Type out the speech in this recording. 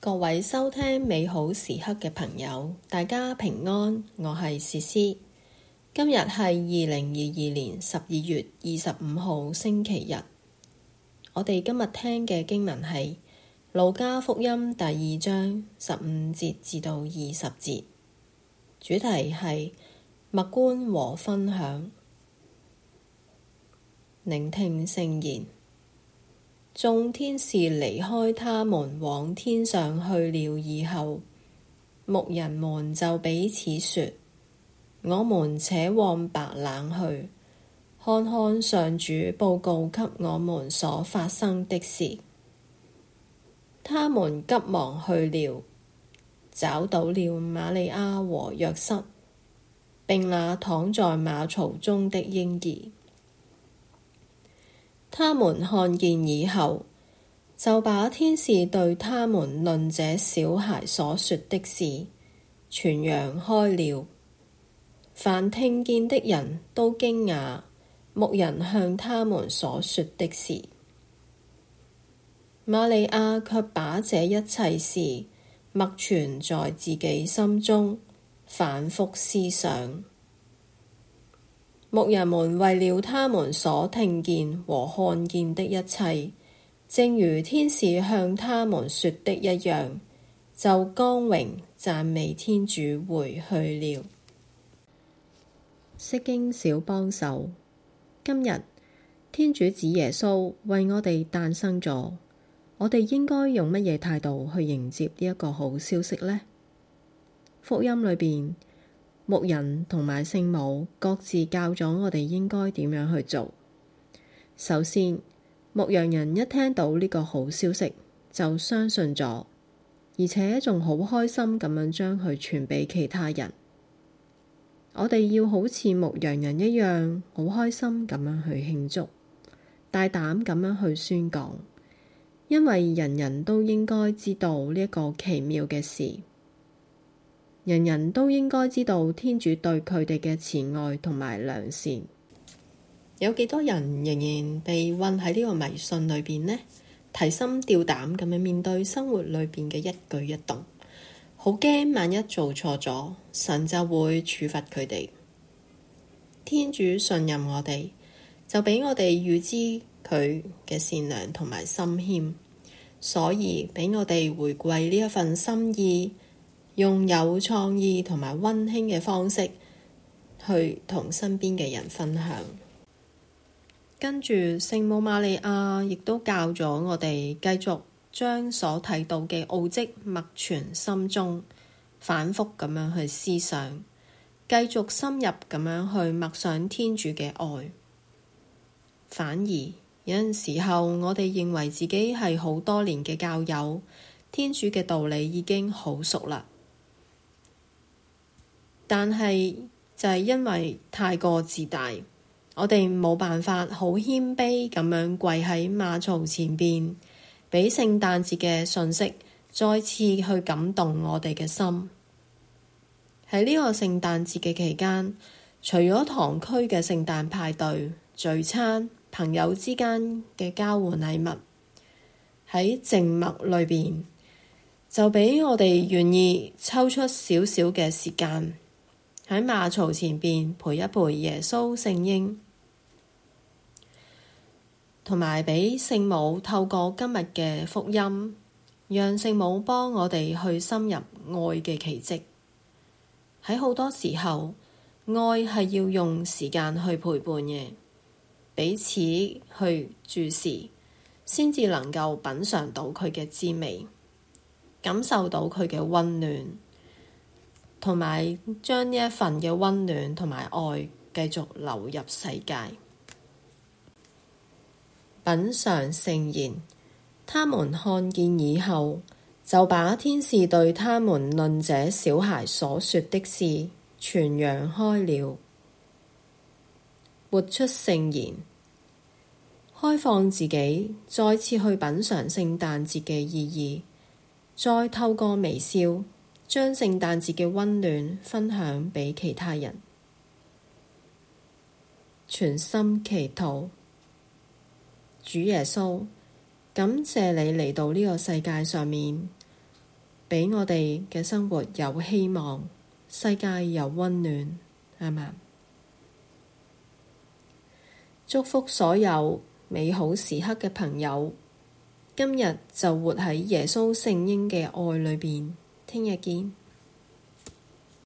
各位收聽美好時刻嘅朋友，大家平安，我係詩詩。今日係二零二二年十二月二十五號星期日。我哋今日聽嘅經文係《路加福音》第二章十五節至到二十節，主題係默觀和分享，聆聽聖言。眾天使離開他們往天上去了以後，牧人們就彼此説：我們且往白冷去，看看上主報告給我們所發生的事。他們急忙去了，找到了瑪利亞和若瑟，並那躺在馬槽中的嬰兒。他們看見以後，就把天使對他們論這小孩所說的事，傳揚開了。凡聽見的人都驚訝牧人向他們所說的事。瑪利亞卻把這一切事默存在自己心中，反覆思想。牧人們為了他們所聽見和看見的一切，正如天使向他們說的一樣，就光榮讚美天主回去了。《釋經小幫手》，今日天主子耶穌為我哋誕生咗，我哋應該用乜嘢態度去迎接呢一個好消息呢？福音裏邊。牧人同埋聖母各自教咗我哋應該點樣去做。首先，牧羊人一聽到呢個好消息，就相信咗，而且仲好開心咁樣將佢傳俾其他人。我哋要好似牧羊人一樣，好開心咁樣去慶祝，大膽咁樣去宣講，因為人人都應該知道呢一個奇妙嘅事。人人都應該知道天主對佢哋嘅慈愛同埋良善。有幾多人仍然被困喺呢個迷信裏邊呢？提心吊膽咁樣面對生活裏邊嘅一舉一動，好驚萬一做錯咗，神就會處罰佢哋。天主信任我哋，就畀我哋預知佢嘅善良同埋心謙，所以畀我哋回饋呢一份心意。用有創意同埋溫馨嘅方式去同身邊嘅人分享。跟住聖母瑪利亞亦都教咗我哋，繼續將所睇到嘅奧跡默存心中，反覆咁樣去思想，繼續深入咁樣去默想天主嘅愛。反而有陣時候，我哋認為自己係好多年嘅教友，天主嘅道理已經好熟啦。但係就係因為太過自大，我哋冇辦法好謙卑咁樣跪喺馬槽前邊，畀聖誕節嘅訊息再次去感動我哋嘅心。喺呢個聖誕節嘅期間，除咗堂區嘅聖誕派對、聚餐，朋友之間嘅交換禮物，喺靜默裏邊就畀我哋願意抽出少少嘅時間。喺馬槽前邊陪一陪耶穌聖嬰，同埋畀聖母透過今日嘅福音，讓聖母幫我哋去深入愛嘅奇跡。喺好多時候，愛係要用時間去陪伴嘅，彼此去注視，先至能夠品嘗到佢嘅滋味，感受到佢嘅溫暖。同埋將呢一份嘅温暖同埋愛繼續流入世界，品嚐聖言。他們看見以後，就把天使對他們論這小孩所說的事，傳揚開了。活出聖言，開放自己，再次去品嚐聖誕節嘅意義，再透過微笑。將聖誕節嘅温暖分享畀其他人，全心祈禱。主耶穌，感謝你嚟到呢個世界上面，畀我哋嘅生活有希望，世界有温暖，係嘛？祝福所有美好時刻嘅朋友，今日就活喺耶穌聖嬰嘅愛裏邊。聽日見。